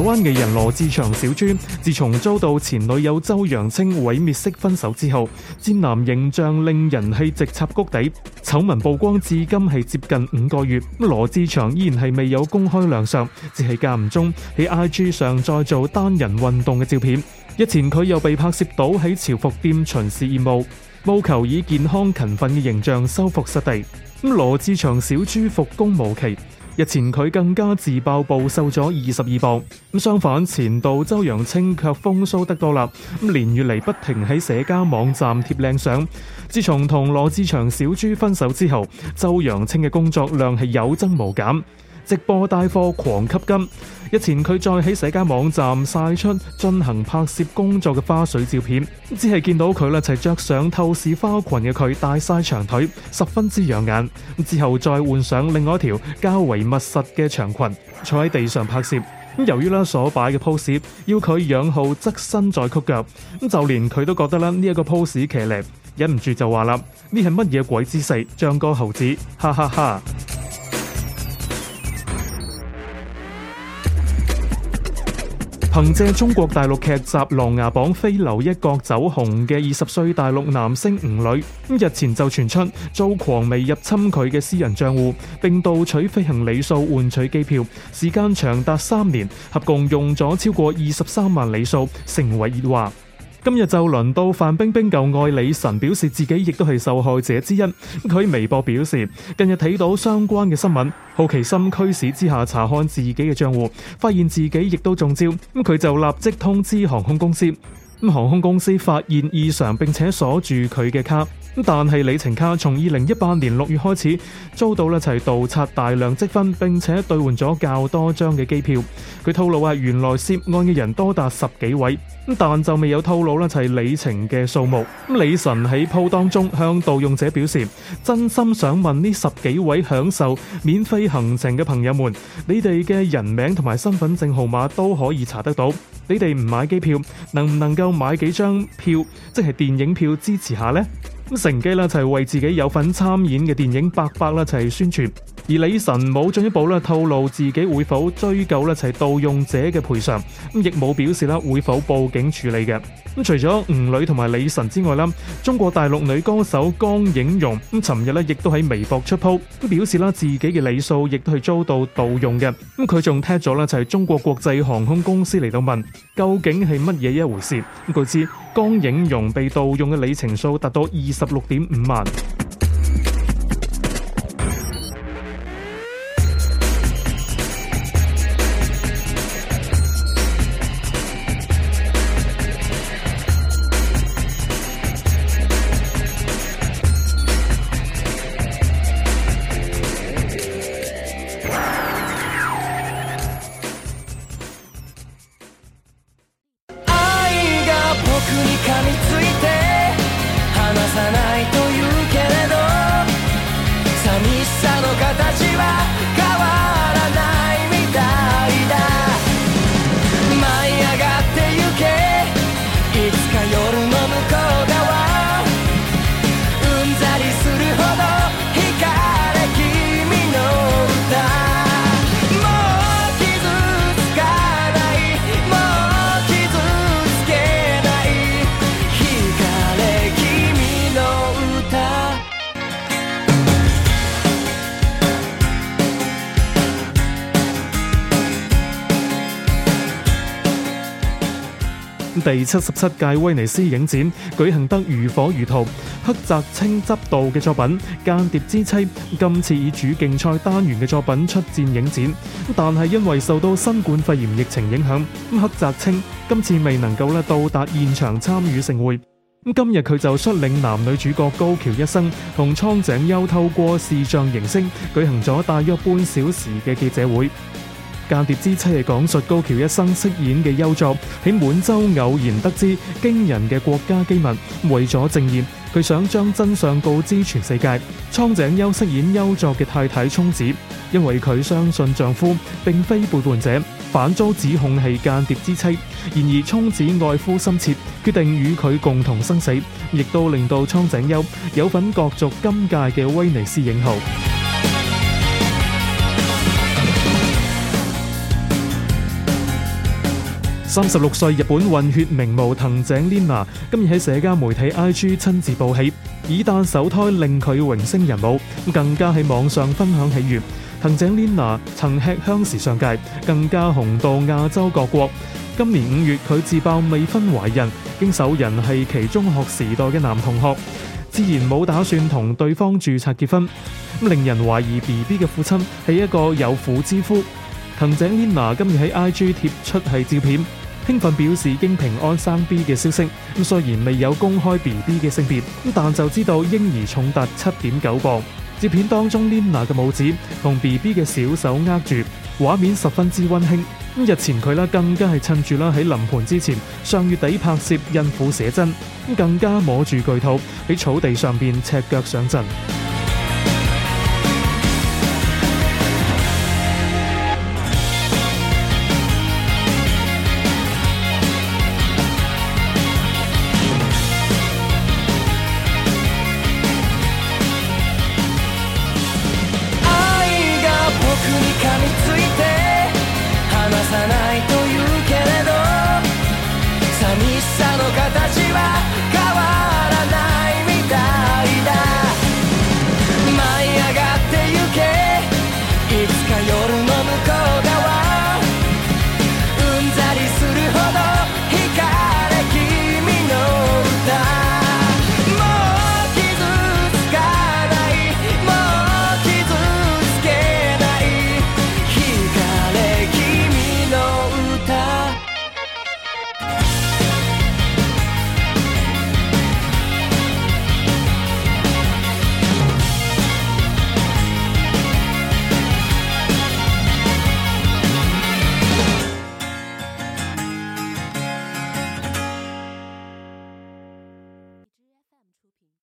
台灣藝人羅志祥小豬，自從遭到前女友周揚青毀滅式分手之後，賤男形象令人氣直插谷底。醜聞曝光至今係接近五個月，羅志祥依然係未有公開亮相，只係間唔中喺 IG 上再做單人運動嘅照片。日前佢又被拍攝到喺潮服店巡視業務，務求以健康勤奮嘅形象收復失地。咁羅志祥小豬復工無期。日前佢更加自爆暴瘦咗二十二磅，咁相反前度周揚青卻風騷得多啦，咁年月嚟不停喺社交網站貼靚相。自從同羅志祥小豬分手之後，周揚青嘅工作量係有增無減。直播帶貨狂吸金，日前佢再喺社交網站晒出進行拍攝工作嘅花絮照片，只係見到佢啦，齊着上透視花裙嘅佢大晒長腿，十分之養眼。之後再換上另外一條較為密實嘅長裙，坐喺地上拍攝。咁由於咧所擺嘅 pose 要佢仰高側身再曲腳，咁就連佢都覺得呢一、這個 pose 騎呢，忍唔住就話啦：呢係乜嘢鬼姿勢，張哥猴子，哈哈哈哈！憑借中國大陸劇集《琅琊榜》飛流一角走紅嘅二十歲大陸男星吳磊，日前就傳出遭狂迷入侵佢嘅私人賬戶，並盜取飛行里數換取機票，時間長達三年，合共用咗超過二十三萬里數，成為熱話。今日就輪到范冰冰舊愛李晨表示自己亦都係受害者之一。佢微博表示，近日睇到相關嘅新聞，好奇心驅使之下查看自己嘅賬戶，發現自己亦都中招。咁佢就立即通知航空公司。咁航空公司發現異常並且鎖住佢嘅卡，但係里程卡從二零一八年六月開始遭到一齊盜刷大量積分並且兌換咗較多張嘅機票。佢透露啊，原來涉案嘅人多達十幾位，但就未有透露呢齊里程嘅數目。李晨喺鋪當中向盜用者表示：真心想問呢十幾位享受免費行程嘅朋友們，你哋嘅人名同埋身份證號碼都可以查得到。你哋唔買機票，能唔能夠？買幾張票，即係電影票支持下呢。咁乘機呢，就係為自己有份參演嘅電影八佰就宣傳《八佰》啦，就係宣傳。而李晨冇進一步咧透露自己會否追究咧齊盜用者嘅賠償，咁亦冇表示啦會否報警處理嘅。咁除咗吳女同埋李晨之外啦，中國大陸女歌手江映蓉咁，尋日咧亦都喺微博出 po，都表示啦自己嘅里程數亦都係遭到盜用嘅。咁佢仲踢咗咧就係中國國際航空公司嚟到問究竟係乜嘢一回事。據知江映蓉被盜用嘅里程數達到二十六點五萬。第七十七屆威尼斯影展舉行得如火如荼，黑澤清執導嘅作品《間諜之妻》今次以主競賽單元嘅作品出戰影展，但係因為受到新冠肺炎疫情影響，黑澤清今次未能夠咧到達現場參與盛會。今日佢就率領男女主角高橋一生同蒼井優透過視像形式舉行咗大約半小時嘅記者會。間諜之妻係講述高橋一生飾演嘅優作喺滿洲偶然得知驚人嘅國家機密，為咗證言，佢想將真相告知全世界。蒼井優飾演優作嘅太太聰子，因為佢相信丈夫並非背叛者，反遭指控係間諜之妻。然而聰子愛夫心切，決定與佢共同生死，亦都令到蒼井優有份角逐今屆嘅威尼斯影后。三十六歲日本混血名模藤井 Lina 今日喺社交媒體 IG 親自報喜，以誕首胎令佢榮升人母，更加喺網上分享喜悦。藤井 Lina 曾吃香時尚界，更加紅到亞洲各國。今年五月佢自爆未婚懷孕，經手人係其中學時代嘅男同學，自然冇打算同對方注冊結婚，令人懷疑 BB 嘅父親係一個有婦之夫。藤井 Lina 今日喺 IG 貼出係照片。興奮表示經平安生 B 嘅消息，咁雖然未有公開 BB 嘅性別，但就知道嬰兒重達七點九磅。照片當中 Lena 嘅拇指同 BB 嘅小手握住，畫面十分之溫馨。日前佢啦更加係趁住啦喺臨盆之前，上月底拍攝孕婦寫真，更加摸住巨肚喺草地上邊赤腳上陣。